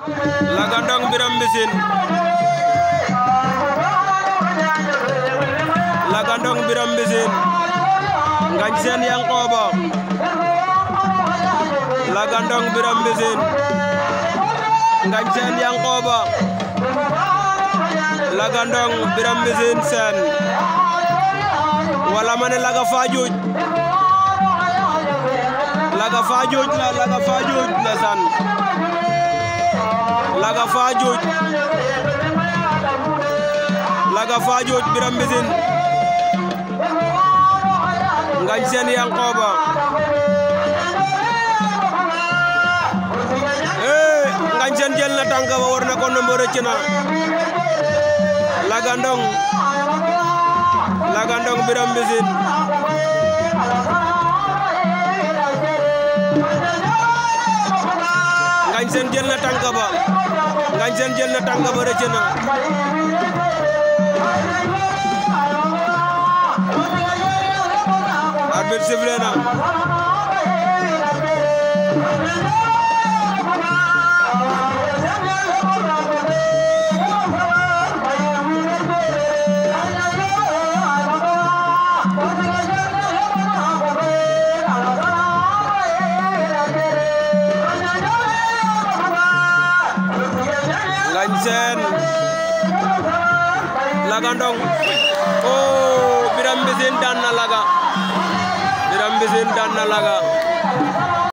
Lagandang Biram Bisin Lagandang Biram Bisin Ganjsen yang kobo Lagandang Biram Bisin Ganjsen yang kobo Lagandang Biram Bisin sen Wala mane laga fajuj Laga fajuj la laga fajuj la san laga fajoj laga fajoj biram bisin ngañ yang qoba Ngajian ngañ sen jël na tanka ba war na ko laga ndong laga ndong biram bisin ngañ sen jël na ba Ngagne Sène jël na tànk ba rëcc na arbitre sifflé na Ngagne Sène Laga Ndong oh Birame Mbissine daan Laga Birame Mbissine daan Laga